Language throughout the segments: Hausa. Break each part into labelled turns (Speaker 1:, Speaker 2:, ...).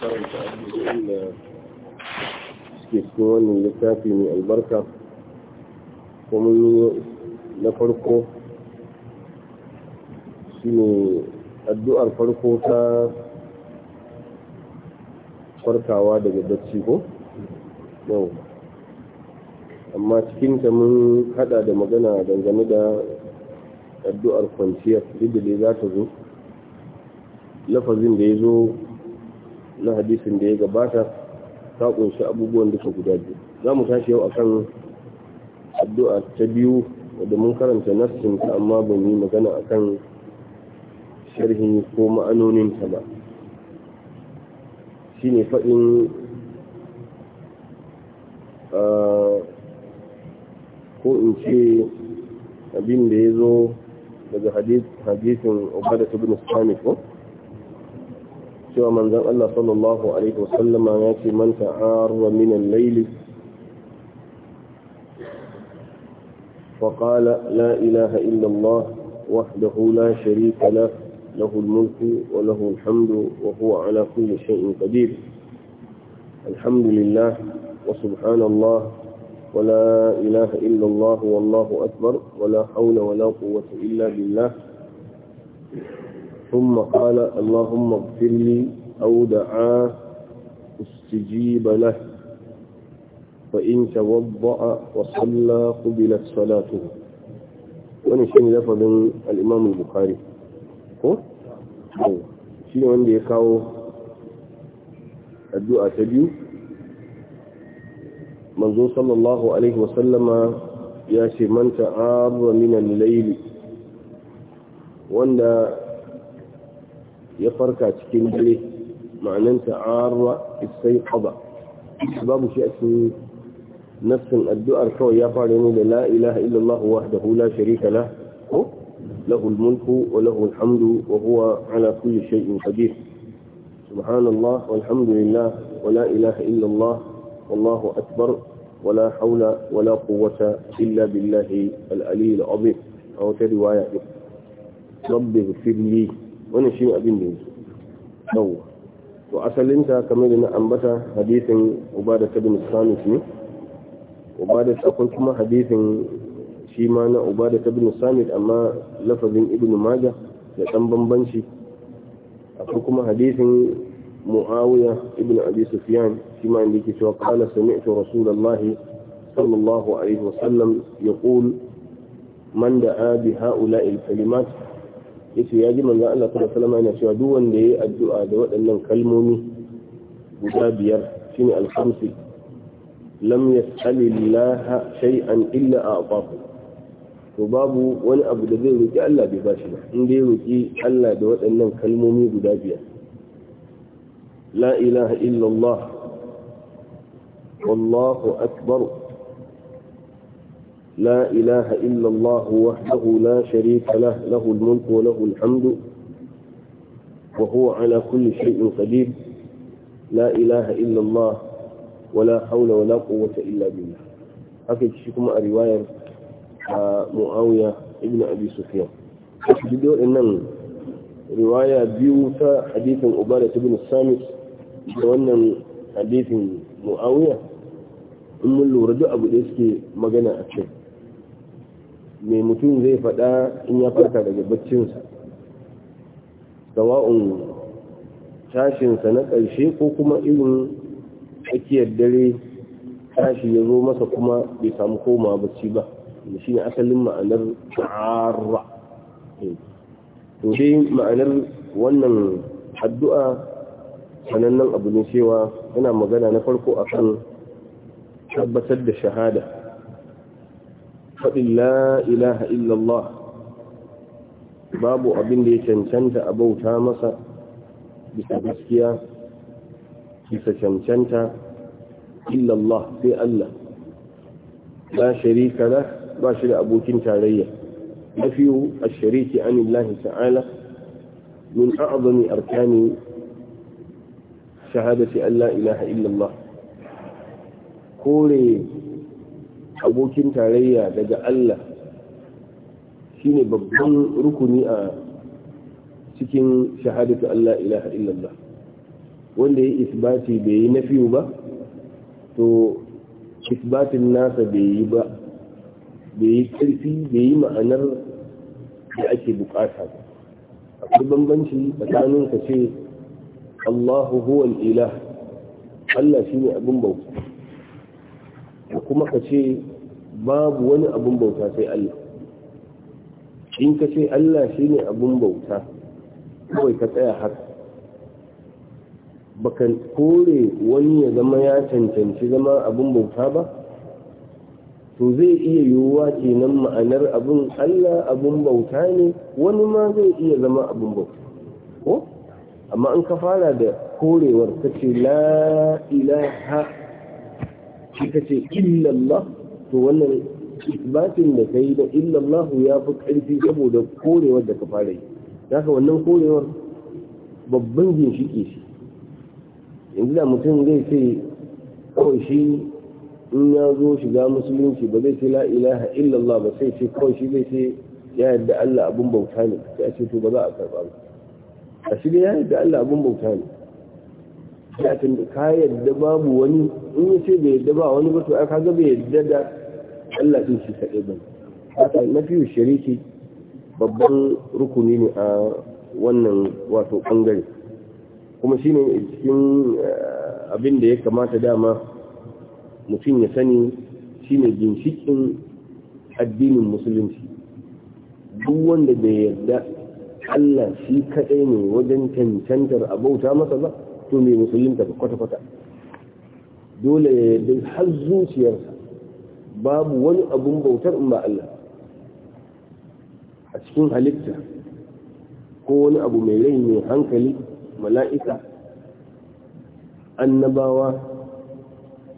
Speaker 1: karanta cikin wannan littafi mai albarka kuma na farko shine addu'ar farko ta farkawa daga bacci ko yau amma cikin ta mun hada da magana dangane da addu'ar kwanciyar duk da za ta zo lafazin da ya zo na hadisin da ya gabata ta kunshi abubuwan duka guda biyu za mu tashi yau akan addu'a ta biyu wadda mun karanta nassin ta amma ban yi magana akan sharhi ko ma'anonin ta ba shine faɗin ko in ce abin da ya zo daga hadisin obada ta bin ko cewa manzon Allah sallallahu alaihi wasallam ya ce man ta'arra min al-layl wa qala la ilaha illa Allah wahdahu la sharika lahu lahu al-mulku wa lahu al-hamdu wa huwa ala kulli shay'in qadir alhamdulillah wa subhanallah ولا إله إلا الله والله أكبر ولا حول ولا قوة إلا بالله ثم قال اللهم اغفر لي أو دعا استجيب له فإن توضأ وصلى قبلت صلاته ونشين لفظ الإمام البخاري هو شيء وندي يكاو الدعاء تبيو منذ صلى الله عليه وسلم ياشي من تعاب من الليل wanda ya farka cikin dare ma'anan ta'arwa isai qada babu shi a cikin nafsin addu'ar kawai ya fara ne da la ilaha illallah wahdahu la sharika lah ko lahu mulku wa lahu alhamdu wa huwa ala kulli shay'in qadir subhanallah walhamdulillah wa la ilaha illallah wallahu akbar ولا حول ولا قوة إلا بالله العلي العظيم أو ترواية رب اغفر لي wani shi abin da yake yawwa to asalinta kamar da na ambata hadisin ubada ta bin samis ne ubada akwai kuma hadisin shi ma na ubada ta bin samis amma lafazin ibn maja da dan bambanci akwai kuma hadisin muawiya ibn abi sufyan shi ma inda yake cewa qala sami'tu rasulullahi sallallahu alaihi wasallam yaqul man da'a bi ha'ula'i al-kalimat yace ya ji manzon Allah sallallahu alaihi wasallam yana cewa duk wanda yayi addu'a da waɗannan kalmomi guda biyar shine al-khamsi lam yas'alillaha shay'an illa a'tahu to babu wani abu da zai roki Allah bai bashi ba in dai roki Allah da waɗannan kalmomi guda biyar la ilaha illallah wallahu akbar لا إله إلا الله وحده لا شريك له له الملك وله الحمد وهو على كل شيء قدير لا إله إلا الله ولا حول ولا قوة إلا بالله shi kuma a riwayar a mu'awiya ibn abi sufyan duk waɗannan riwaya biyu ta hadithin ubada ibn samit da wannan hadithin mu'awiya in mun lura duk abu suke magana a me mutum zai faɗa in ya farka daga baccinsa sawa'un tashinsa na ƙarshe ko kuma irin tsakiyar dare tashi ya zo masa kuma bai samu koma bacci ba da shi ne asalin ma'anar ta'arra eh, to dai ma'anar wannan addu'a sanannen abu ne cewa yana magana na farko akan tabbatar da shahada faɗin la ilaha illallah babu abin da ya cancanta a bauta masa bisa gaskiya bisa cancanta illallah sai Allah la sharika la ba shi da abokin tarayya nafiyu ash-shariki anillahi ta'ala min a'zami arkani shahadati an la ilaha illallah kore abokin tarayya daga Allah shine babban rukuni a cikin shahadatu Allah ilaha illallah wanda ya isbati bai yi nafiyu ba to isbatin nasa bai yi ba bai yi karfi bai yi ma'anar da ake bukata ba akwai bambanci tsakanin ka ce Allahu huwa ilah Allah shine abin bauta kuma ka ce babu wani abun bauta sai Allah in ka ce Allah shi ne abun bauta kawai ka tsaya haka baka kore wani ya zama ya cancanci zama abun bauta ba to zai iya yiwuwa kenan ma'anar abun Allah abun bauta ne wani ma zai iya zama abun bauta ko amma an ka fara da korewar kace la ilaha kika ce illallah to wannan isbatin da kai da illallah ya fi karfi saboda korewar da ka fara yi haka wannan korewar babban ginshiki shi yanzu da mutum zai ce kawai shi in ya zo shiga musulunci ba zai ce la ilaha illallah ba sai ce kawai shi zai ce ya yadda Allah abun bauta ne sai a ce to ba za a karba ba a shi ya yadda Allah abun bauta ne ya ka yadda babu wani in ya ce bai yadda ba wani ba to ai ga bai yadda da Allah din shi kaɗai ba haka na fiye shariki babban rukuni ne a wannan wato ɓangare kuma shi ne cikin eh, abin da ya kamata dama mutum ya sani shi ne ginshikin addinin musulunci duk wanda bai yarda Allah shi kaɗai ne wajen cancantar abauta masa ba to mai musulunta ba kwata-kwata dole ya yarda har zuciyarsa babu wani abun bautar in ba Allah a cikin halitta ko wani abu mai rai mai hankali mala'ika annabawa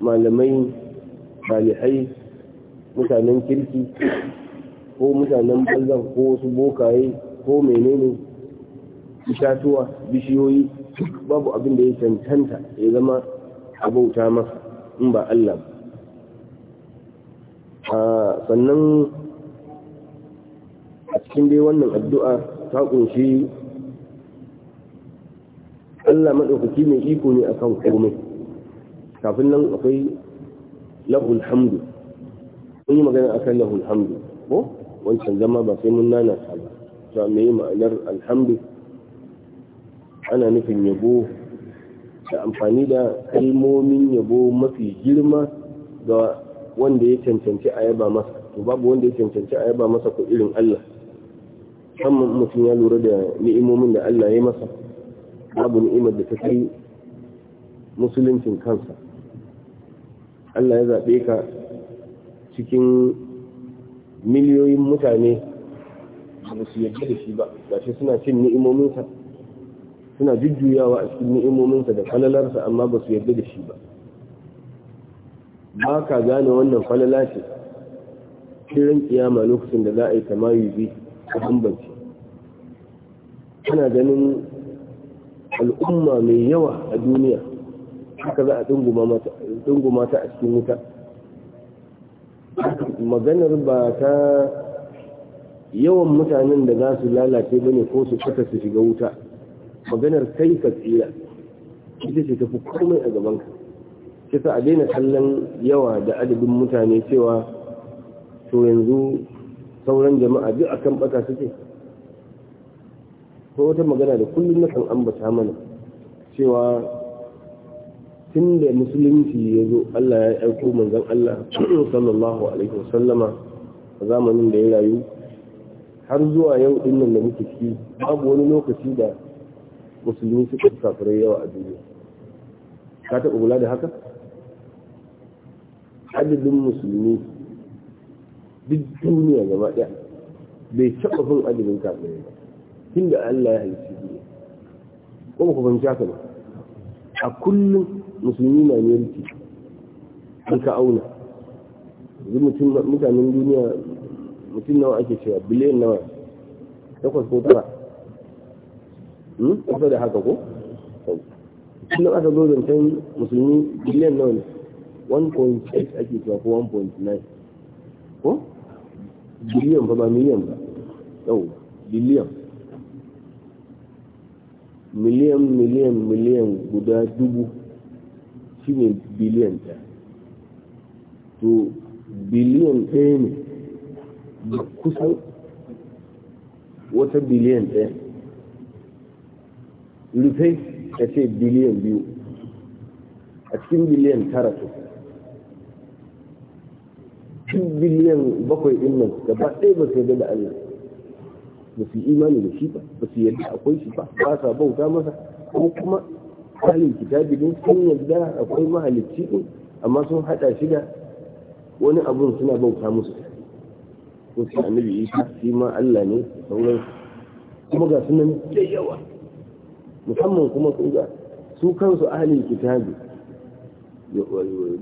Speaker 1: malamai salihai mutanen kirki ko mutanen baza ko wasu bokaye ko menene ishatuwa bishiyoyi babu abin da ya cancanta ya zama a bauta masa in ba Allah ba sannan a cikin dai wannan addu'a ta kunshi Allah maɗaukaki mai iko ne kan komai kafin nan akwai lahul hamdu mun yi magana akan lahul hamdu ko wancan zama ba sai mun nana ta ba ta me ma'anar alhamdu ana nufin yabo da amfani da kalmomin yabo mafi girma ga wanda ya cancanci a yaba masa to babu wanda ya cancanci a yaba masa ko irin Allah kan mutum ya lura da ni'imomin da Allah ya masa babu ni'imar da ta kai musuluncin kansa Allah ya zaɓe ka cikin miliyoyin mutane ba su yarda da shi ba shi suna cin ni'imominsa suna jujjuyawa a cikin ni'imominsa da falalarsa amma ba su yarda da shi ba ba ka gane wannan falala ce kiran kiyama lokacin da za a yi tamayu bi a bambanci ana ganin al'umma mai yawa a duniya haka za a dunguma ta a cikin wuta maganar ba ta yawan mutanen da za su lalace ba ne ko su fata su shiga wuta maganar kai ka tsira ita ce tafi komai a gabanka kisa a daina kallon yawa da adadin mutane cewa to yanzu sauran jama'a duk akan baka suke ko wata magana da kullum na kan ambata mana cewa tun da musulunci ya zo Allah ya aiko manzon Allah sallallahu alaihi wasallama a zamanin da ya rayu har zuwa yau dinnan da muke ciki babu wani lokaci da musulmi suka fi kafirai yawa a duniya ka taɓa kula da haka adadin musulmi duk duniya gaba ɗaya bai taɓa fin adadin kafirai ba tun da Allah ya haifi duniya ko ba ku fahimci haka ba a kullum musulmi na yanki an ka auna mutanen duniya mutum nawa ake cewa biliyan nawa takwas ko tara Hmm? kusa da haka ko kullum aka zo zancen musulmi biliyan nawa ne 1.8 ake cewa ko 1.9 ko biliyan ba ba miliyan ba yau biliyan miliyan miliyan miliyan guda dubu shi ne biliyan ɗaya to biliyan ɗaya ne kusan wata biliyan ɗaya rufe ta ce biliyan biyu a cikin biliyan tara su cikin biliyan bakwai din nan gaba ɗaya ba su yadda da Allah ba su imani da shi ba ba su yadda akwai shi ba ba sa bauta masa ko kuma halin kitabi din sun yarda akwai mahalicci din amma sun haɗa shi da wani abun suna bauta musu ko sai annabi isa shi ma Allah ne sauran kuma ga sunan da yawa musamman kuma kunga su kansu ahalin kitabi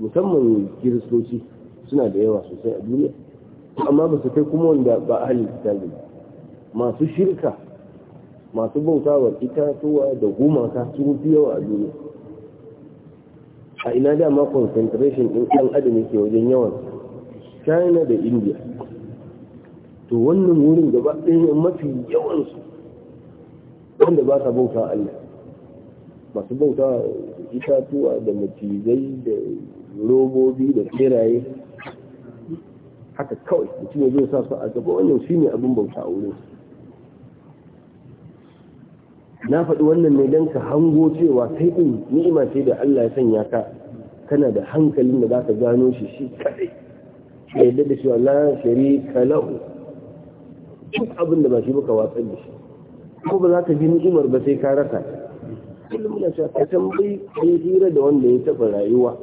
Speaker 1: musamman kiristoci suna da yawa sosai a duniya amma ba su kai kuma wanda ba ahalin kitabi masu shirka masu bauta wa itatuwa da gumaka sun fi yawa a duniya a ina dama concentration ɗin ɗan adam yake wajen yawan china da india to wannan wurin gaba ɗaya mafi yawansu wanda ba sa bauta Allah masu bauta itatuwa da macizai da robobi da keraye haka kawai mutum ya zo sa su a gaba wannan shi ne abin bauta a wurin na faɗi wannan ne don ka hango cewa sai ɗin ni'ima ce da Allah ya sanya ka kana da hankalin da za ka gano shi shi kadai ka yadda da shi wa la sharika duk abin da ba shi baka watsar da shi ko ba za ka ji ni'imar ba sai ka rasa kullum na cewa ka tambayi kai hira da wanda ya taɓa rayuwa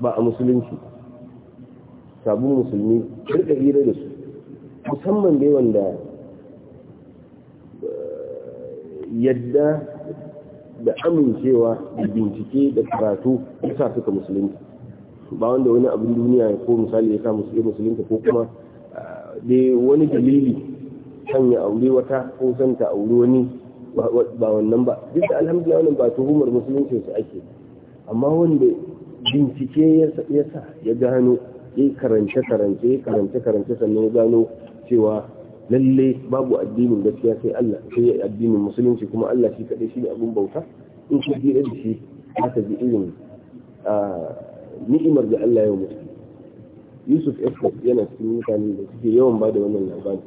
Speaker 1: ba a musulunci sabon musulmi rika hira da su musamman dai wanda eh, yadda da amincewa da bincike da karatu ya sa suka musulunci ba wanda wani abin duniya ko misali ya sa musulunta ko kuma eh, dai wani dalili san ya aure wata ko san ta aure wani ba wannan ba duk da alhamdulillah wannan ba tuhumar musulunci su ake amma wanda bincike ya sa ya gano ya karance karance ya karance karance sannan ya gano cewa lalle babu addinin gaskiya sai Allah sai addinin musulunci kuma Allah shi kaɗai shi ne abin bauta in ka hira da shi aka ji irin ni'imar da Allah ya mutu Yusuf Efkos yana cikin mutane da suke yawan ba da wannan labari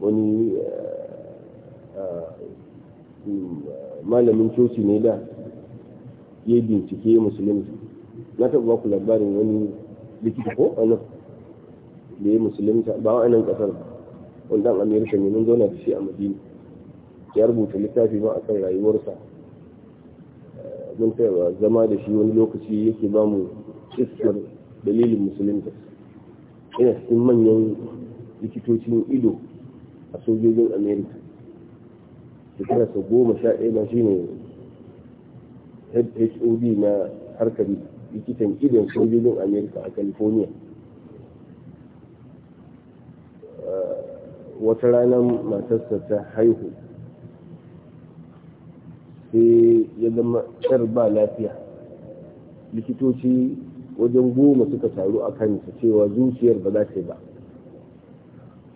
Speaker 1: wani eh, eh, malamin coci ne da ya bincike musulunci na taɓa ba ku labarin wani likita ko anan da ya musulunta ba wa anan ƙasar wanda an amerika ne mun zauna da shi a madina ya rubuta littafi ma a kan rayuwarsa eh, mun taɓa zama da shi wani lokaci yake ba mu iskar dalilin musulunta ina cikin manyan likitocin ido a sojojin america shekara ta goma sha ɗaya shi ne hod na harkar likitan idon sojojin amerika a california ah, wata rana matarsa ta haihu sai ya zama yar ba lafiya likitoci wajen goma suka taru a kansa cewa zuciyar ba za ta yi ba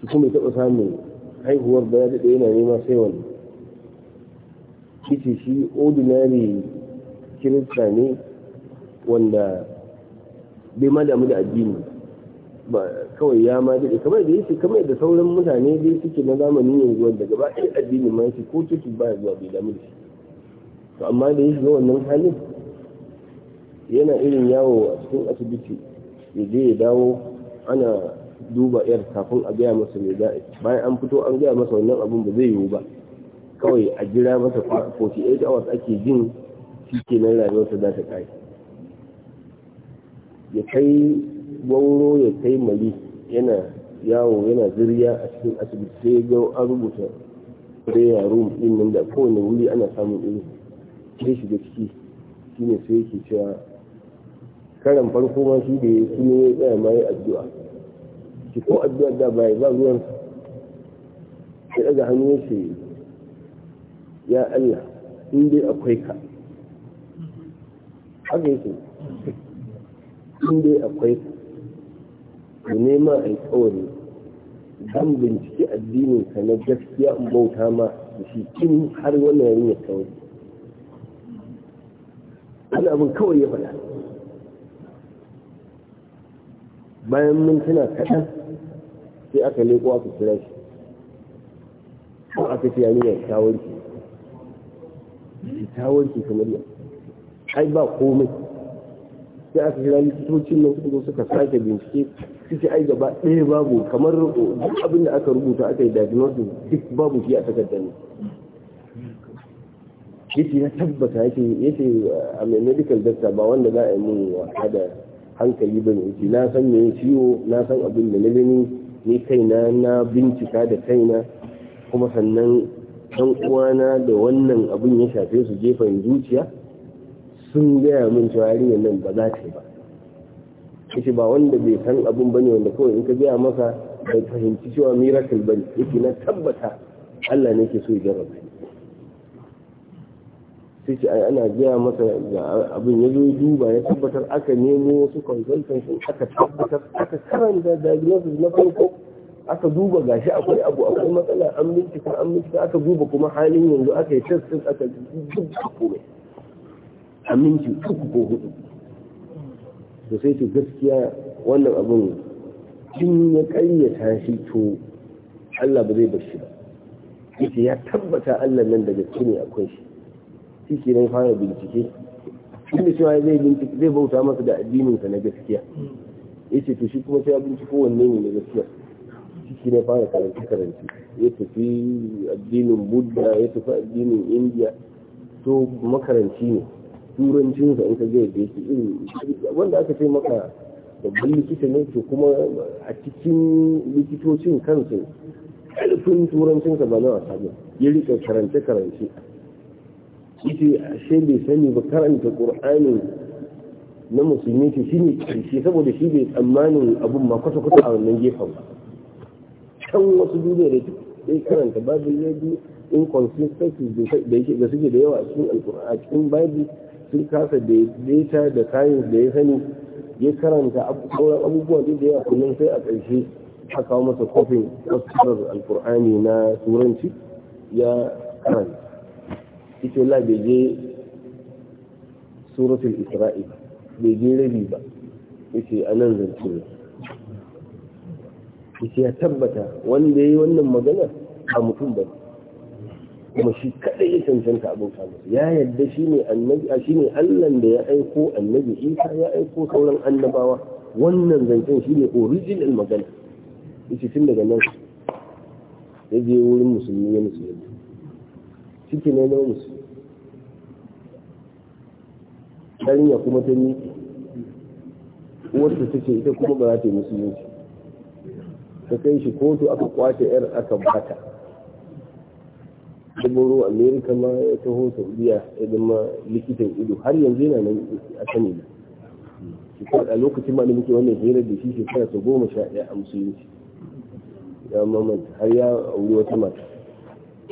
Speaker 1: su kuma taɓa samun haihuwar ba ya daɗe yana nema sai wani kici shi ordinary kirista ne wanda bai ma damu da addini ba kawai ya ma daɗe kamar da yake kamar da sauran mutane dai suke na zamani yanzu wanda gaba ɗaya addini ma yake ko cikin baya zuwa bai damu da shi to amma da yake ga wannan halin yana irin yawo a cikin asibiti ya je ya dawo ana duba yar kafin a gaya masa mai za'a bayan an fito an gaya masa wannan abun ba zai yiwu ba kawai a jira masa 48 hours ake jin shi ke nan rayuwarsa za ta kai ya kai gwauro ya kai mali yana yawo yana zirya a cikin asibiti sai ga an rubuta prayer room din nan da kowane wuri ana samun irin sai shiga ciki shine sai yake cewa karan farko ma shi da ya ne ya tsaya ma addu'a ki ko addu'a da bai ba ruwan shi daga hannun shi ya Allah in dai akwai ka haka yake in dai akwai ka ku nema alkawari zan binciki addinin ka na gaskiya in bauta ma da shi kin har wannan yarin ya ana ana abin kawai ya faɗa bayan mintuna kaɗan sai aka leƙo aka kira shi ko aka ce yarinya ta tawarki ta tawarki kamar yau ai ba komai sai aka kira likitocin nan kuma suka sake bincike suke ai gaba ɗaya babu kamar duk abin da aka rubuta aka yi diagnosis duk babu shi a takardar ne yake na tabbata yake yake a medical doctor ba wanda za a yi mun wa hada hankali ba yace na san me ciwo na san abin da na gani ni kaina na bincika da kaina kuma sannan ɗan uwana da wannan abin ya shafe su jefan zuciya sun gaya min cewa yarinyar nan ba za ta yi ba yace ba wanda bai san abin bane wanda kawai in ka gaya masa bai fahimci cewa miracle bane yake na tabbata Allah ne ke so ya sai ce ai ana gaya masa ga abin ya zo duba ya tabbatar aka nemo wasu consultant aka tabbatar aka karanta diagnosis na farko aka duba gashi akwai abu akwai matsala an bincika an bincika aka duba kuma halin yanzu aka yi test aka duba komai a minti uku ko hudu to sai ce gaskiya wannan abin kin ya karyata shi to Allah ba zai bar shi ba yace ya tabbata Allah nan daga cikin ne akwai shi shi ne fara bincike ne cewa zai bincike zai bauta masa da addininsa na gaskiya ya ce to shi kuma sai ya bincike wanne ne na gaskiya shi ne fara karanta karanta ya tafi addinin buddha ya tafi addinin indiya to makaranci ne turancinsa in ka ga yadda yake irin wanda aka ce maka babban likita ne to kuma a cikin likitocin kansu ƙarfin turancinsa ba na wasa ba ya rika karance-karance yace ashe bai sani ba karanta qur'ani na musulmi ce shine karshe saboda shi bai tsammanin abun ma kwata kwata a wannan gefen ba can wasu duniya da ya karanta babu in inconsistencies da suke da yawa cikin alkur'ani a cikin babu sun kasa daidaita da kayan da ya sani ya karanta abubuwan da yawa kullum sai a ƙarshe a kawo masa kofin wasu alkur'ani na turanci ya karanta ita Allah bai je suratul isra'i bai je rabi ba yace anan zance ne yace ya tabbata wanda yayi wannan magana ba mutum ba kuma shi kadai ya cancanta abin kama ya yadda shi ne annabi a shi ne allan da ya aiko annabi isa ya aiko sauran annabawa wannan zancen shi ne original magana yace tun daga nan ya je wurin musulmi ya musulmi ciki ne na musu ya kuma ta yi uwarsa ta ce ita kuma ba za ta yi musulunci ta kai shi kotu aka kwace yar aka bata dubin amerika ma ya taho saudiya ya zama likitan ido har yanzu yana nan a sani na a lokacin ma da muke wannan hirar da shi shekara ta goma sha ɗaya a musulunci ya mamanta har ya auri wata mata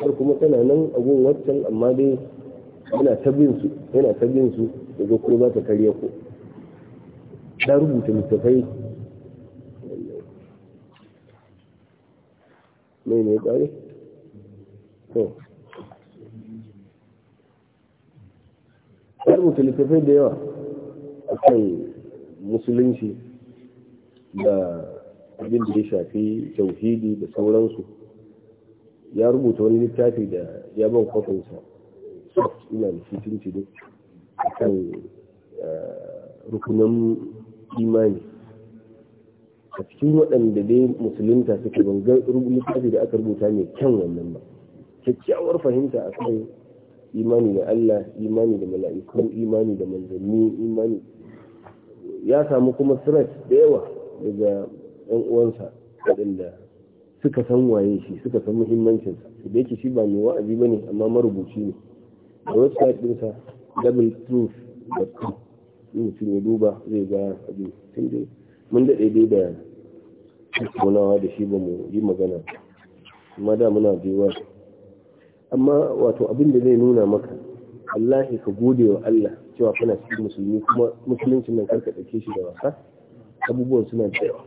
Speaker 1: har kuma tana nan agun wancan amma dai yana ta su yana su daga ko za ta karya ko rubuta littafai mai mai kare to ya rubuta littafai da yawa a kan musulunci da abin da ya shafi tauhidi da sauransu ya rubuta wani littafi da ya ban kwafinsa soft ina da fitinci da a kan rukunan imani a cikin waɗanda dai musulunta suke rubu littafi da aka rubuta mai kyan wannan ba kyakkyawar fahimta a kan imani da Allah imani da mala'iku imani da manzanni imani ya samu kuma stress da yawa daga 'yan uwansa waɗanda suka san waye shi suka san muhimmancinsa da yake shi ba mai wa'azi ba ne amma marubuci ne a website ɗinsa doubletruth.com in mutum ya duba zai ga abin sun dai mun da dai da tattaunawa da shi ba mu yi magana amma da muna biyuwa amma wato abin da zai nuna maka Allah ka gode wa Allah cewa kana cikin musulmi kuma musuluncin nan karka ɗauke shi da wasa abubuwan suna da yawa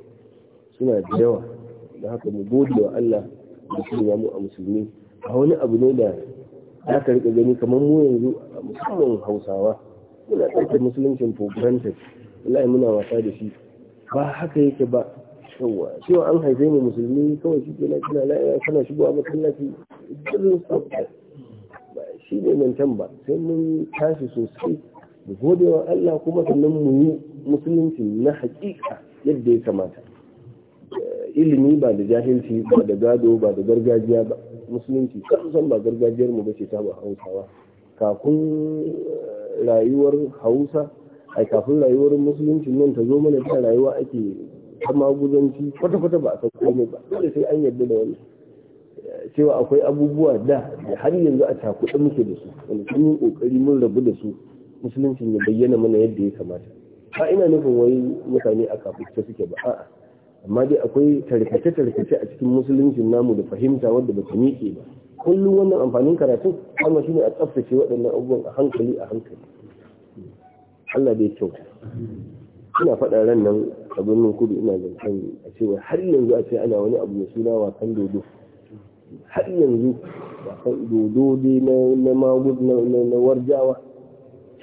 Speaker 1: suna da yawa da haka mu gode wa Allah da shi ya mu a musulmi a wani abu ne da za ka rika gani kamar mu yanzu a musamman hausawa muna ɗauke musuluncin for granted wallahi muna wasa da shi ba haka yake ba yawa cewa an haife mu musulmi kawai shi ke kenan kana la'ira kana shigowa masallaci irin sabbin ba shi ne nan can ba sai mun tashi sosai mu gode wa Allah kuma sannan mu yi musulunci na haƙiƙa yadda ya kamata ilimi ba da jahilci ba da gado ba da gargajiya ba musulunci san ba gargajiyar mu bace ta ba hausawa kafin eh, rayuwar hausa ai kafin rayuwar musulunci nan ta zo mana ta rayuwa ake ta maguzanci kwata-kwata ba a san komai ba dole sai an yarda da wani eh, cewa akwai abubuwa da har yanzu a cakuɗe muke da su wani sun yi ƙoƙari mun rabu da su musulunci ya bayyana mana yadda ya kamata ba ina nufin wai mutane a kafin suke ba a'a amma dai akwai tarkace-tarkace a cikin musuluncin namu da fahimta wadda ba ta miƙe ba kullum wannan amfanin karatun amma ne a tsaftace waɗannan abubuwan a hankali a hankali Allah bai kyauta ina faɗa ran nan a birnin kudu ina zancen a cewa har yanzu a ce ana wani abu mai suna wasan dodo har yanzu wasan dodo na magud na warjawa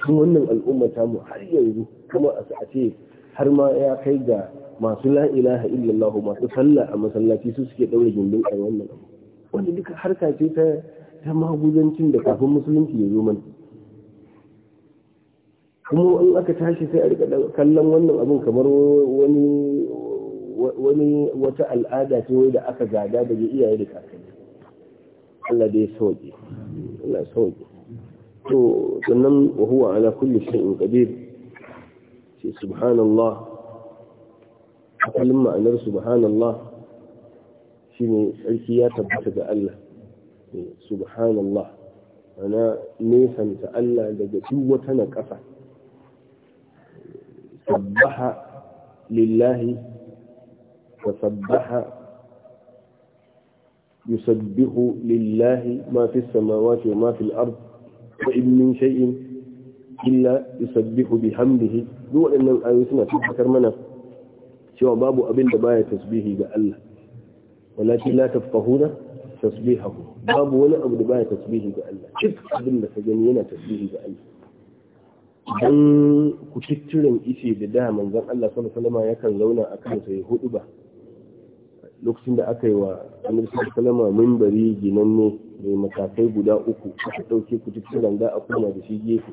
Speaker 1: cikin wannan al'ummata mu har yanzu kuma a ce har ma ya kai ga masu la ilaha illallah masu sallah a masallaci su suke daure gindin a wannan abu wanda duka harka ce ta ta magudancin da kafin musulunci ya zo man kuma in aka tashi sai a rika kallon wannan abin kamar wani wani wata al'ada ce wai da aka gada daga iyaye da kakanni Allah dai sauke Allah sauke to sannan wa huwa ala kulli shay'in qadir sai subhanallah asalin ma'anar subhanallah shine sarki ya tabbata ga Allah eh, subhanallah ana nesanta Allah daga duk wata na ƙasa sabbaha lillahi wa sabbaha yusabbihu lillahi ma fi samawati wa ma fi al-ard wa in min shay'in illa yusabbihu bihamdihi duk waɗannan ayoyi suna tabbatar mana cewa babu abin da baya tasbihi ga Allah wallahi la tafqahuna tasbihahu babu wani abu da baya tasbihi ga Allah duk abin da ka gani yana tasbihi ga Allah dan ku kittirin ishe da da manzon Allah sallallahu alaihi wasallam yakan zauna akan sai hudu ba lokacin da aka yi wa annabi sallallahu alaihi minbari ginanne mai matakai guda uku aka dauke ku duk da a kuma da shi gefe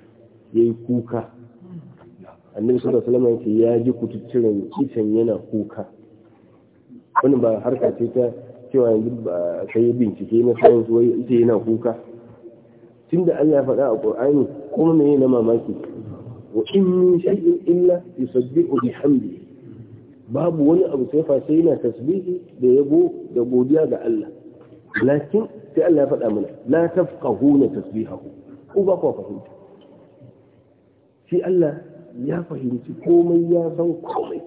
Speaker 1: yayi kuka annabi sun alaihi wasallam yake ya ji kututturen kitan yana kuka wani ba harka ce ta cewa yanzu ba kai bincike na sayan wai ita yana kuka tunda Allah ya faɗa a Qur'ani kuma me na mamaki wa in min shay'in illa yusabbihu hamdi babu wani abu sai fa sai yana tasbihi da yabo da godiya ga Allah lakin sai Allah ya faɗa mana la tafqahuna tasbihahu Ko ba ku fahimta shi Allah ya fahimci komai ya san komai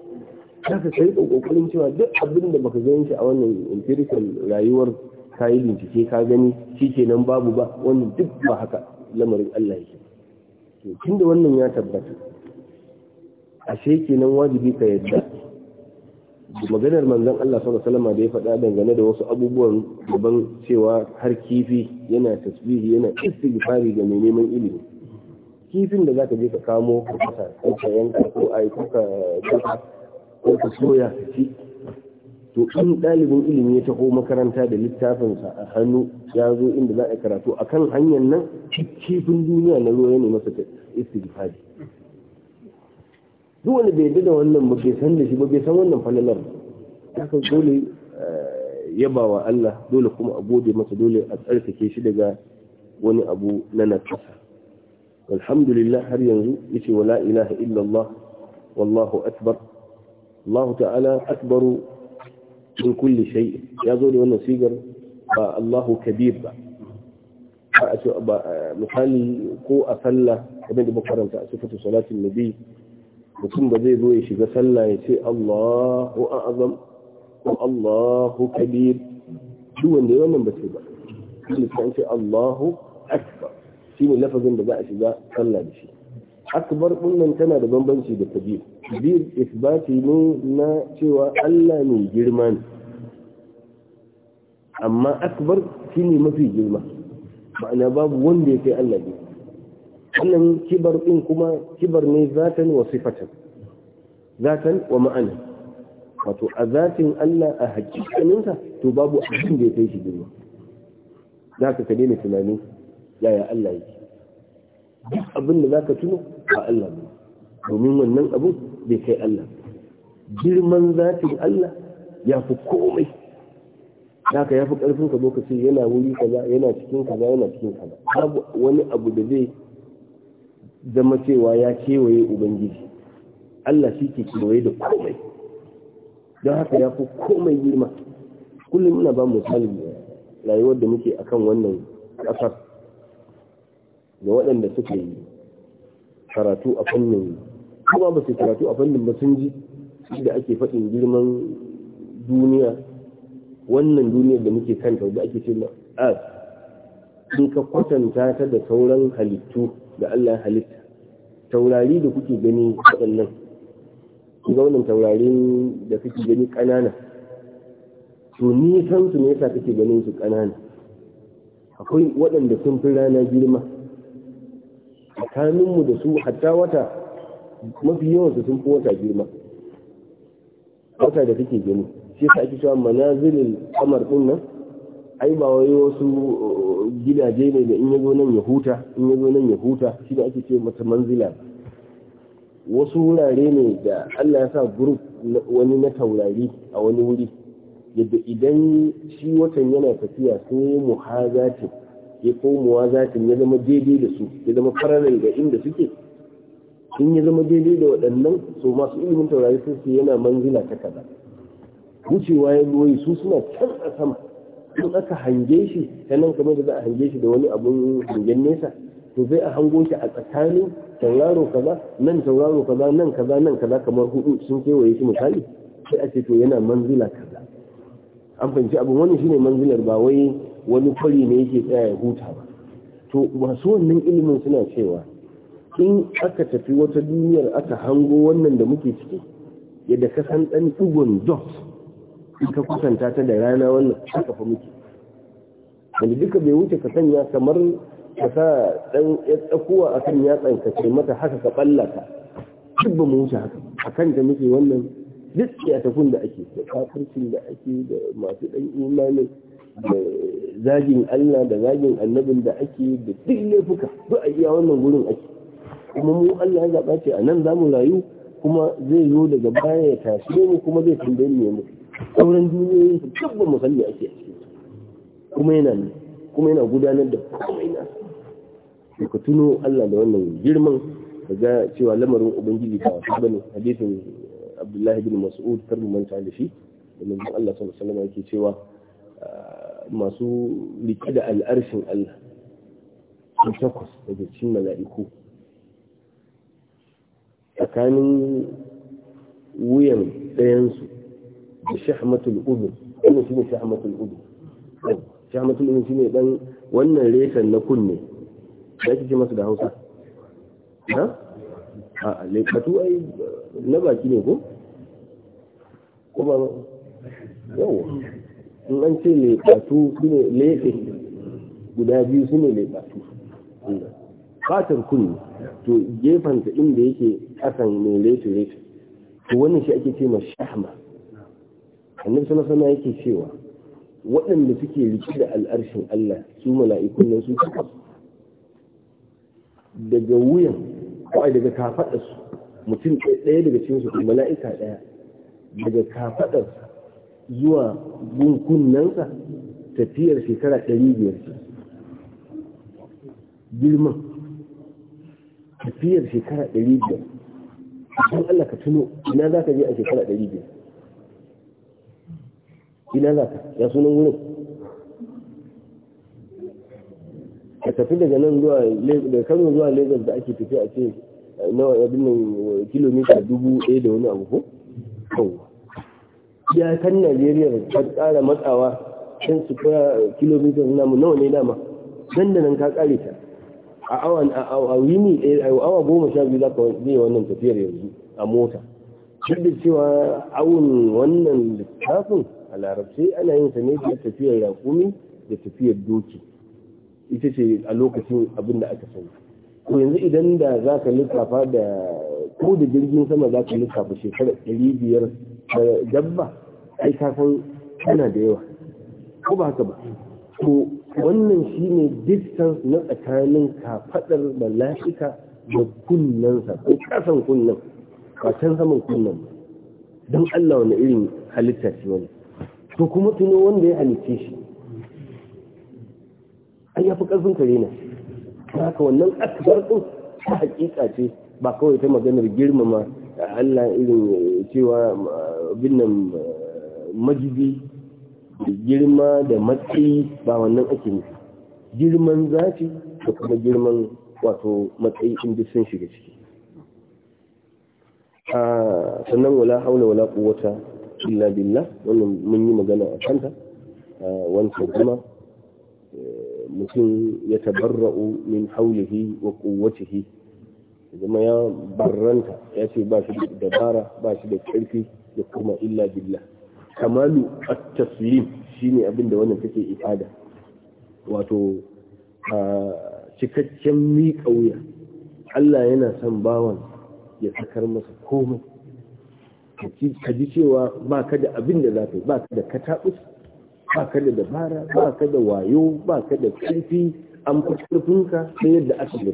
Speaker 1: ka kai da kokarin cewa duk abin da baka gani shi a wannan empirical rayuwar kayi bincike ka gani shikenan babu ba wannan duk ba haka lamarin Allah yake to tunda wannan ya tabbata ashe kenan wajibi ka yadda maganar manzon Allah sallallahu alaihi da ya faɗa dangane da wasu abubuwan gaban cewa har kifi yana tasbihi yana istighfari ga mai neman ilimi kifin da za ka je ka kamo ka kasa ka yanka ko a yi kuka ko ka soya ka ci to in ɗalibin ilimi ya taho makaranta da littafinsa a hannu ya zo inda za a karatu a kan hanyar nan kifin duniya na ruwa ya ne masa istighfari duk wanda bai da wannan ba bai san da shi ba bai san wannan falalar ya kan dole eh, yaba wa Allah dole kuma a gode masa dole a tsarkake shi daga wani abu na nakasa Alhamdulillah, har yanzu yace wala ilaha illallah wallahu akbar Allahu ta'ala akbaru min kulli shay ya zo da wannan sigar ba Allahu kabir ba a ce ba misali ko a sallah kamar da makaranta a sifatu salatin nabi mutum ba zai zo ya shiga sallah ya ce Allahu a'azam ko Allahu kabir duk wanda ya wannan ba ce ba misali an ce Allahu ne lafazin da za a shiga sallah da shi akbar ɗinnan tana da bambanci da kabir kabir isbati ne na cewa Allah ne girma ne amma akbar ne mafi girma ma'ana babu wanda ya kai Allah ne wannan kibar ɗin kuma kibar ne zatan wa sifatan zatan wa ma'ana wato a zatin Allah a hakikaninsa to babu abin da ya kai shi girma za ka daina tunani yaya Allah yake duk abin da zaka tuno ba Allah ne domin wannan abu bai kai Allah girman zatin Allah ya fi komai haka ya fi ƙarfin ka zo sai yana wuri kaza yana cikin kaza yana cikin kaza babu wani abu da zai zama cewa ya kewaye ubangiji Allah shi ke kewaye da komai don haka ya fi komai girma kullum muna ba misali rayuwar da muke akan wannan ƙasar ga waɗanda suka yi karatu a fannin kuma ba su karatu a fannin ba sun ji da ake faɗin girman duniya wannan duniyar da muke kanta da ake ce as in ka kwatanta ta da sauran halittu da Allah ya halitta taurari da kuke gani waɗannan ga wannan taurarin da kuke gani ƙanana to nisan su ne yasa kake ganin su ƙanana akwai waɗanda sun fi rana girma tsakaninmu da su hatta wata mafi yawansu sun fi wata girma wata da kake gani shi yasa ake cewa manazilin kamar din nan ai ba wai wasu uh, gidaje ne da in zo nan ya huta in zo nan ya huta shi da ake ce mata manzila wasu wurare ne da Allah ya sa group wani na taurari a wani wuri yadda idan shi watan yana tafiya sai muhazatin ya komowa zatin ya zama daidai da su ya zama fararen ga inda suke in ya zama daidai da waɗannan su masu ilimin taurari sun su yana manzila ta kaza wucewa ya ruwayi su suna can a sama in aka hange shi ta nan kamar da za a hange shi da wani abun hangen nesa to zai a hango shi a tsakanin tauraro kaza nan tauraro kaza nan kaza nan kaza kamar hudu sun kewaye shi misali sai a ce to yana manzila kaza an fahimci abin wani shine manzilar ba wai wani kwari ne yake tsaya ya huta ba to wasu wannan ilimin suna cewa in aka tafi wata duniyar aka hango wannan da muke ciki yadda ka san ɗan ɗigon dot in ka kusanta ta da rana wannan aka fi muke wanda duka bai wuce ka sanya kamar ka sa ɗan tsakuwa a kan yatsan ka ce mata haka ka ɓallaka duk ba mu wuce haka a kan ta muke wannan duk ya tafin da ake da kafircin da ake da masu ɗan imanin zagin Allah da zagin annabin da ake da duk laifuka duk a iya wannan wurin ake kuma mu Allah ya zaɓa ce a nan za mu rayu kuma zai zo daga baya ya tashe mu kuma zai tambayi mu mu sauran duniyoyin su musalli ake kuma yana kuma yana gudanar da komai na ka tuno Allah da wannan girman ka ga cewa lamarin ubangiji ba wasu bane hadisin Abdullahi bin Mas'ud kar mu manta da shi da Allah sallallahu alaihi wasallam yake cewa masu rike da al'arshin Allah sun takwas daga cikin mala'iku tsakanin wuyan ɗayansu da shahmatul udu wannan shi ne shahmatul udu shahmatul udu shi ne ɗan wannan reshen na kunne ya ce masu da hausa Ha? a laikatu ai na baki ne ko? ko ba Yawon. in an ce leɓatu su ne lefe guda biyu su ne leɓatu fatar kunni to gefanta inda yake kasan mai lefe lefe to wannan shi ake ce ma shahma annabi sallallahu alaihi yake cewa waɗanda suke riƙe da al'arshin Allah su mala'ikun nan su suka daga wuyan ai daga kafaɗarsu mutum ɗaya daga cikin su mala'ika ɗaya daga kafaɗarsa zuwa kunnansa tafiyar shekara ɗari biyar ce girman tafiyar shekara ɗari biyar don Allah ka tuno ina za ka je a shekara ɗari biyar ina za ka ya sunan wurin ka tafi daga nan zuwa da kano zuwa lagos da ake tafiya a ce nawa abin nan kilomita dubu ɗaya da wani abu ko iyakan najeriya ta tsara matsawa can su kura kilomita mu nawa ne dama nan da nan ka kare ta a awa a wini eh, awa goma sha biyu za ka zai wannan tafiyar yanzu a mota duk da cewa awun wannan littafin a larabci ana yin sa ne da tafiyar yakumi da tafiyar doki ita ce a lokacin abin da aka sani ko yanzu idan da za ka littafa da ko da jirgin sama za ka littafa shekarar ɗari biyar dabba ai ta san tana da yawa ko ba haka ba to wannan shine distance na tsakanin kafaɗar mala'ika da kunnensa ko kasan kunnen ba can saman kunnen ba don Allah wani irin halitta shi wani to kuma tuno wanda ya halitta shi an yafi ƙarfin kare na haka wannan akbar ɗin ta hakika ce ba kawai ta maganar girmama Allah irin cewa binnan majibi da girma da matsayi ba wannan ake nufi girman zafi da kuma girman wato matsayi inda sun shiga ciki a sannan wala haula wala quwwata illa billah wannan mun yi magana a kanta wancan kuma eh, mutum ya tabarra'u min haulihi wa quwwatihi zama ya barranta ya ce ba shi da dabara ba shi da ƙarfi da kuma illa billah kamalu at-taslim shine abin da wannan take ifada wato cikakken miƙa wuya Allah yana son bawan ya sakar masa komai ka ji cewa ba ka da abin da za ka yi ba ka da kataɓus ba ka da dabara ba ka da wayo ba ka da ƙarfi an fi ƙarfinka ta yadda aka da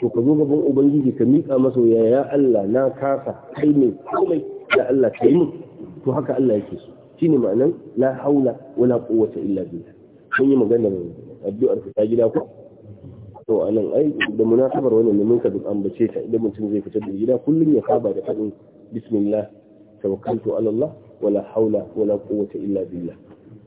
Speaker 1: to ka zo gaban ubangiji ka miƙa masa ya ya Allah na kasa kai ne komai da Allah yi mu to haka Allah yake so shine ma'anan la haula wala quwwata illa billah mun yi maganar addu'ar ta gida ko to anan ai da munasabar wannan ne mun ka duk ambace ta idan mutum zai fita da gida kullun ya saba da fadin bismillah tawakkaltu ala Allah wala haula wala quwwata illa billah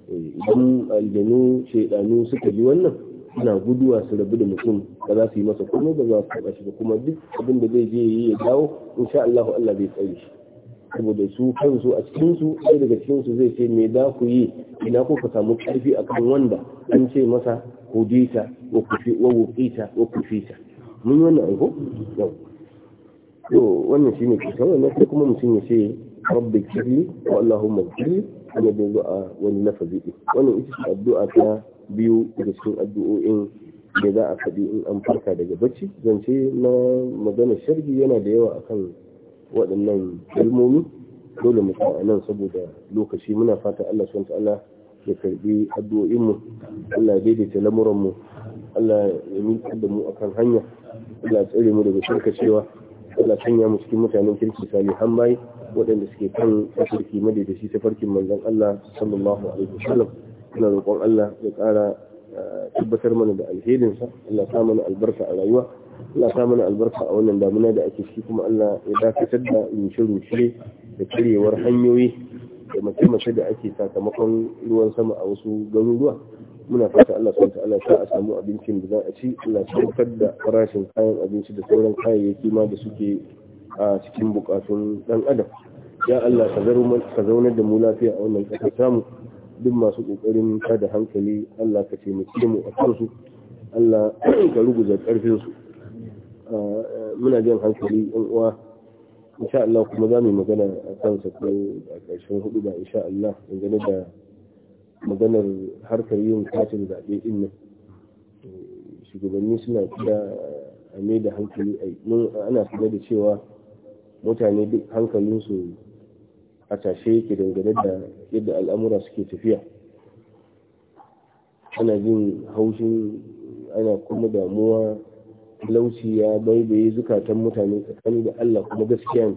Speaker 1: eh, idan aljanu shaydanu suka yi wannan suna guduwa su rabu da mutum ba za su yi masa komai ba za su taɓa shi ba kuma duk abin da zai je yi ya dawo in sha Allah Allah zai tsare shi saboda su kansu a cikin su ɗaya daga cikin su zai ce me za ku yi ina ku ka samu ƙarfi akan wanda an ce masa hudita wa kufi wa wufita wa kufita mun yi wannan ko yau to wannan shine kusa wannan sai kuma mutum ya ce rabbi kirli wa allahumma kirli ana da zuwa wani lafazi wannan ita ce addu'a ta biyu daga cikin addu'o'in da za a faɗi in an farka daga bacci zance na magana sharhi yana da yawa akan waɗannan ilmomi dole mu a nan saboda lokaci muna fata Allah subhanahu ta'ala ya karbi addu'o'inmu Allah ya daidaita lamuranmu Allah ya miƙa da mu akan hanya Allah ya tsare mu daga sarkacewa Allah sanya mu cikin mutanen kirki salihan bai waɗanda suke kan tafarki madaidaci tafarkin manzon Allah sallallahu alaihi wasallam suna roƙon Allah ya ƙara eh, tabbatar mana da alherinsa Allah sa mana albarka a rayuwa Allah ta mana albarka a wannan damuna da ake ciki kuma Allah ya dakatar da rushe-rushe da karyewar hanyoyi da mace-mace da ake sakamakon ruwan sama a wasu garuruwa muna fata Allah sun sa a samu abincin da za a ci Allah saukar da farashin kayan abinci da sauran kayayyaki ma da suke a cikin bukatun dan adam ya Allah ka zaunar da mu lafiya a wannan ƙasar tamu duk masu kokarin kada hankali Allah ka taimake mu a kansu Allah ka ruguza karfin su muna jan hankali yan uwa insha Allah kuma za mu yi magana a kan ko a ƙarshen hudu ba insha Allah dangane da maganar harkar yin katin zaɓe ɗin nan shugabanni suna kira a mai da hankali ana sanar da cewa mutane duk hankalinsu a tashe yake dangane da yadda al'amura suke tafiya ana jin haushin ana kuma damuwa talauci ya baibaye zukatan mutane tsakani da Allah kuma gaskiya ne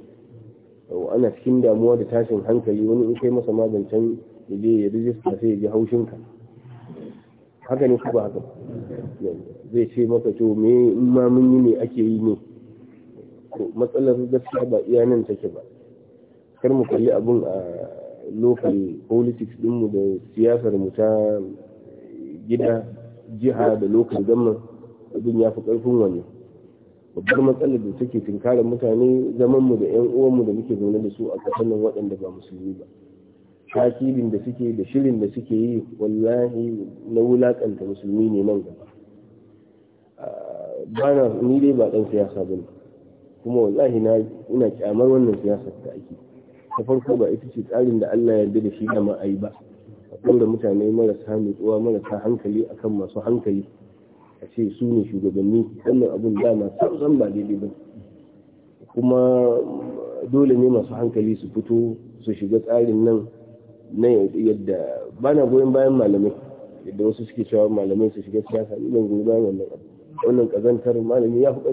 Speaker 1: ana cikin damuwa da tashin hankali wani in kai masa magancan ya je ya rijista sai ya ji ka? haka ne kuma haka zai ce maka to me in ma mun yi ne ake yi ne matsalar gaskiya ba iya nan take ba kar mu kalli abun a local politics dinmu da siyasar mu ta gida jiha da local government abin ya fi karfin wani babbar matsalar da take tunkarar mutane zaman mu da yan uwanmu da muke zaune da su a ƙasar nan waɗanda ba musulmi ba takibin da suke da shirin da suke yi wallahi na wulakanta musulmi ne nan gaba ba na ni dai ba ɗan siyasa ba kuma wallahi na ina kyamar wannan siyasar da ake ta farko ba ita ce tsarin da Allah ya yarda da shi da ma ayi ba a ɗora mutane marasa nutsuwa marasa hankali akan masu hankali a ce su ne shugabanni wannan abin dama sam ba daidai ba kuma dole ne masu hankali su fito su shiga tsarin nan na yadda ba na goyon bayan malamai yadda wasu suke cewa malamai su shiga siyasa ni ban goyi bayan wannan abu wannan kazantar malami ya fi ta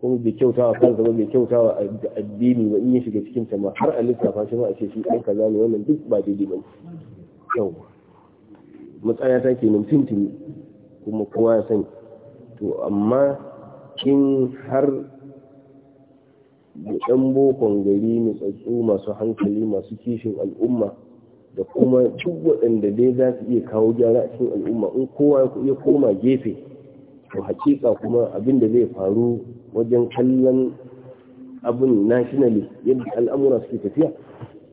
Speaker 1: kuma bai kyautawa kan kansa ba bai kyautawa a addini ba in ya shiga cikin ta ma har a lissafa shi ma a ce shi ɗan kaza ne wannan duk ba daidai ba yau matsaya ta ke nan tuntuni kuma kowa ya sani to amma kin har ɗan bokon gari mai tsatsu masu hankali masu kishin al'umma da kuma duk waɗanda dai za su iya kawo gyara a cikin al'umma in kowa ya koma gefe to hakika kuma abin da zai faru wajen kallon abin nationally yadda al'amura suke tafiya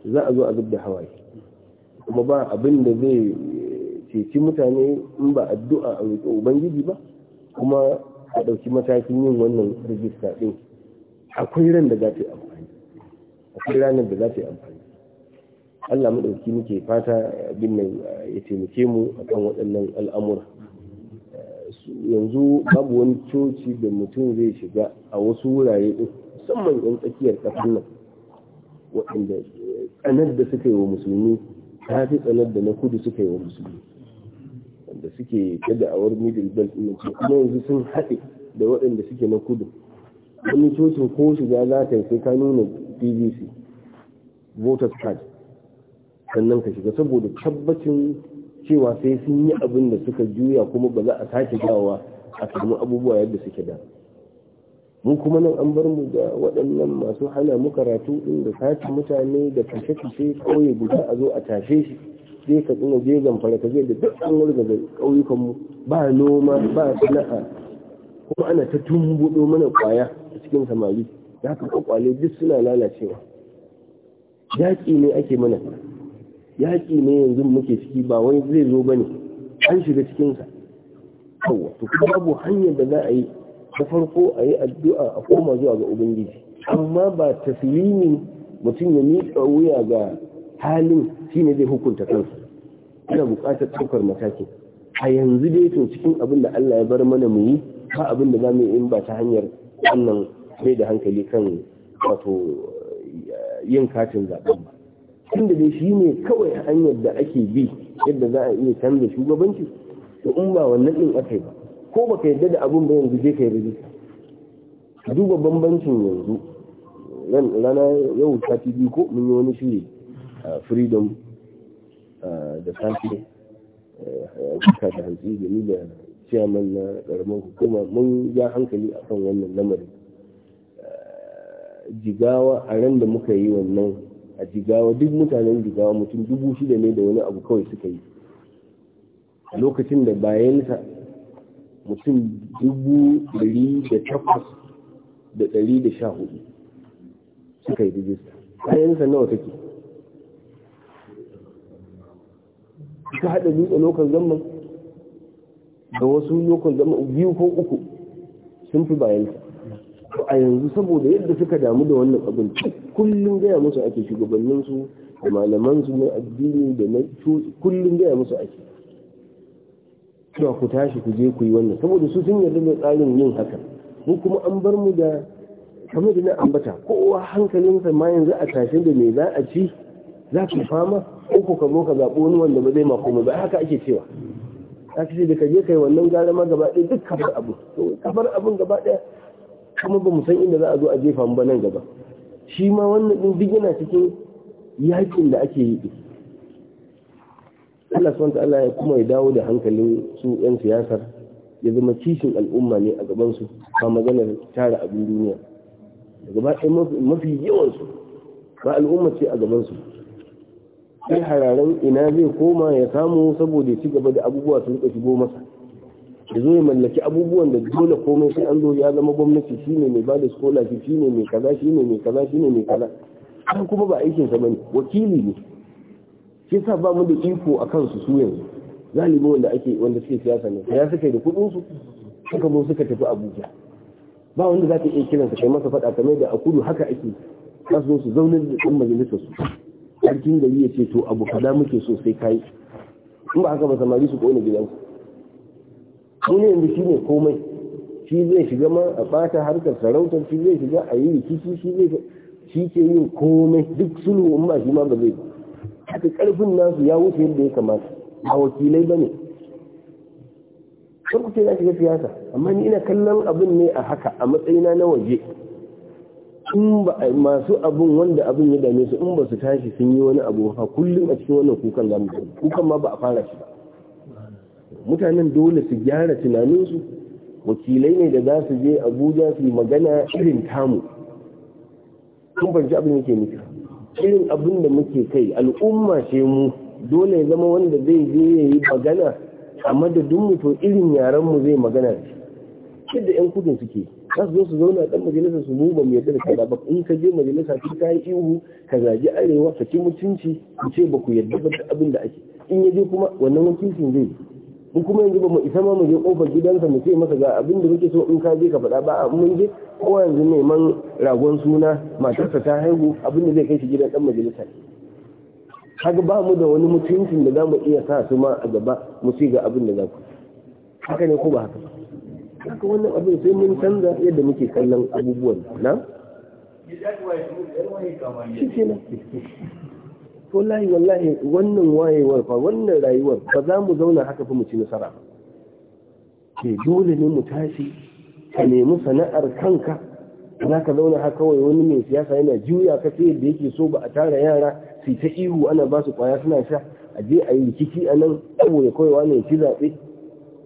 Speaker 1: za a zo a zub da hawaye kuma ba abin da zai ceci mutane in ba addu'a a roƙi ubangiji ba kuma a ɗauki matakin yin wannan rajista ɗin akwai ran da za ta yi amfani akwai ranar da za ta yi amfani Allah mu ɗauki muke fata abin nan ya taimake mu akan waɗannan al'amura yanzu babu wani coci da mutum zai shiga a wasu wurare musamman yan tsakiyar ƙasar nan waɗanda tsanar da suka yi wa musulmi ta fi tsanar da na kudu suka yi wa musulmi wanda suke ta da'awar middle belt ɗin ce kuma yanzu sun haɗe da waɗanda suke na kudu wani cocin ko shiga za ta sai ka nuna pvc voters card sannan ka shiga saboda tabbacin cewa sai sun yi abin da suka juya kuma ba za a sake gawa a samu abubuwa yadda suke da mu kuma nan an bar mu da waɗannan masu hana mu karatu ɗin da sace mutane da kashe-kashe ƙauye guda a zo a tashe shi zai ka tsina je zamfara ka zai da duk an da ƙauyukan ba noma ba sana'a kuma ana ta tumbuɗo mana ƙwaya a cikin samari da haka ƙwaƙwale duk suna lalacewa yaƙi ne ake mana yaƙi ne yanzu muke ciki ba wani zai zo ba ne an shiga cikinsa yawa to kuma babu hanyar da za a yi ta farko a yi addu'a a koma zuwa ga ubangiji amma ba taslimi mutum ya miƙa wuya ga halin shi ne zai hukunta kansa ana buƙatar ɗaukar mataki a yanzu dai to cikin abin da Allah ya bar mana mu yi ba abin da za mu yi in ba ta hanyar wannan mai da hankali kan wato eh, yin katin zaɓen ba inda dai shi ne kawai hanyar da ake bi yadda za a iya canza shugabanci to in ba wannan din aka yi ba ko baka yadda da abun ba yanzu je ka yi rijista duba bambancin yanzu nan rana yau sati biyu ko mun yi wani shiri freedom da safe kuka da hantsi da ni da ciyaman na karamin hukuma mun ya hankali akan wannan lamarin jigawa a ran da muka yi wannan a jigawa duk mutanen jigawa mutum dubu shida ne da wani abu kawai suka yi a lokacin da bayansa mutum dubu dari da takwas da dari da sha hudu suka yi rijista Bayansa nawa take suka haɗa a lokacin zaman da wasu lokacin zaman biyu ko uku sun fi bayansa a yanzu saboda yadda suka damu da wannan abin kullum gaya musu ake shugabanninsu da malamansu na addini da na kullum gaya musu ake cewa ku tashi ku je ku yi wannan saboda su sun yarda da tsarin yin haka mu kuma an bar mu da kamar da na ambata kowa hankalinsa ma yanzu a tashi da me za a ci za ku fama ko ku ka ka zaɓi wani wanda ba zai ma komai ba haka ake cewa za ka ce da ka je kai wannan gara ma gaba ɗaya duk kamar abu kamar abun gaba ɗaya kuma ba mu san inda za a zo a jefa mu ba nan gaba shi ma wannan ɗin duk yana cikin yakin da ake yi Allah subhanahu ta'ala ya kuma ya dawo da hankalin su yan siyasar ya zama kishin al'umma ne a gabansu ba maganar tara abin duniya gaba mafi yawansu ba al'umma ce a gabansu sai hararen ina zai koma ya samu saboda ya ci gaba da abubuwa su rika shigo masa ya zo ya mallaki abubuwan da dole komai sai an zo ya zama gwamnati shine mai ba bada shi shine mai kaza shine mai kaza shine mai kaza an kuma ba aikin sa bane wakili ne shi sa ba mu da iko a kansu su yanzu zalimi wanda ake wanda suke siyasa ne ya suka da kudin su suka zo suka tafi Abuja ba wanda za ka iya kiran sa kai masa fada kamar da a kudu haka ake za su zo su zaunar da ɗan majalisar su sarkin gari ya ce to abu kada muke so sai kai in ba haka ba samari su kone ku. wani yanzu shi ne komai shi zai shiga ma a ɓata harkar sarautar shi zai shiga a yi rikici shi zai shi ke yin komai duk sulhu in ba shi ma ba zai haka ƙarfin nasu ya wuce yadda ya kamata a wakilai ba ne kar ce za shiga siyasa amma ni ina kallon abin ne a haka a matsayina na waje in ba masu abin wanda abin ya dame su in ba su tashi sun yi wani abu ha kullum a cikin wannan kukan zamu kukan ma ba a fara shi ba mutanen dole su gyara tunaninsu wakilai ne da za su je abuja su magana irin tamu kun fahimci abin yake nufi irin abin da muke kai al'umma ce mu dole ya zama wanda zai je ya yi magana a madadin to irin yarenmu zai magana da shi da 'yan kudin suke za su zo su zauna dan majalisa su mu ba mu yadda da kada ba in ka je majalisa ki ta yi ihu ka zaji arewa ka ci mutunci ku ce ba ku yarda ba abin da ake in ya je kuma wannan wakilcin zai mu kuma yanzu ba mu isa ma mu je kofar gidansa mu ce masa ga abin da muke so in ka je ka faɗa ba a mun je ko yanzu neman ragon suna matarsa ta haihu abin da zai kai shi gidan dan majalisa kaga ba mu da wani mutuncin da zamu iya sa su ma a gaba mu ci ga abin da za ku haka ne ko ba haka haka wannan abin sai mun canza yadda muke kallon abubuwan na shi wallahi wallahi wannan wayewar fa wannan rayuwar ba za mu zauna haka fa mu ci nasara ke dole ne mu tashi ka nemi sana'ar kanka za ka zauna haka kawai wani mai siyasa yana juya ka sai da yake so ba a tara yara su ta ihu ana ba su kwaya suna sha a je a yi rikici a nan saboda kawai wani ci zaɓe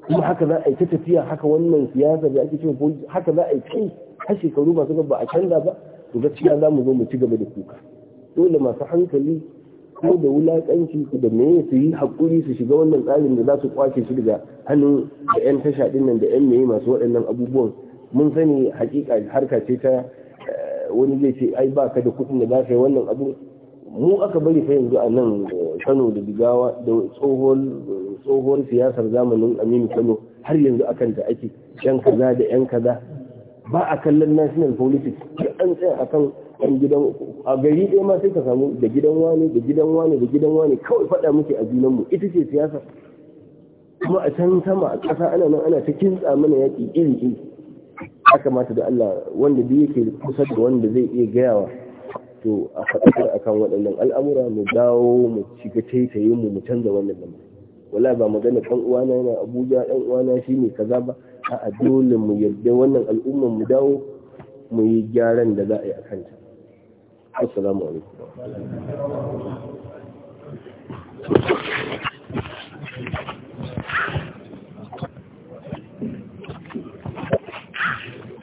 Speaker 1: kuma haka za a yi ta tafiya haka wannan siyasa da ake cewa haka za a yi kai har shekaru masu gaba a canza ba to gaskiya za mu zo mu ci gaba da kuka dole masu hankali ko da wulaƙanci su da meye su yi haƙuri su shiga wannan tsarin da za su kwace su daga hannun da 'yan tasha ɗin nan da 'yan meye masu waɗannan abubuwan mun sani hakika harka ce ta eh, wani zai ce ai ba ka da kuɗin da za ka yi wannan abu mu aka bari fa yanzu a nan eh, kano da digawa da tsohuwar siyasar zamanin aminu kano har yanzu akan da ake yan kaza da yan kaza ba a kallon national politics an tsaya akan ɗan gidan a gari ɗaya ma sai ka samu da gidan wani da gidan wani da gidan wani kawai faɗa muke a junanmu ita ce siyasa kuma a can sama a ƙasa ana nan ana ta kintsa mana yaƙi iri iri ya kamata da Allah wanda duk yake kusa da wanda zai iya gayawa to a faɗakar akan waɗannan al'amura mu dawo mu shiga taitaye mu mu canza wannan lamarin wala ba magana ɗan uwana yana Abuja ɗan uwana shine kaza ba a'a dole mu yarda wannan al'ummar mu dawo mu yi gyaran da za a yi a kanta assalamu alaikum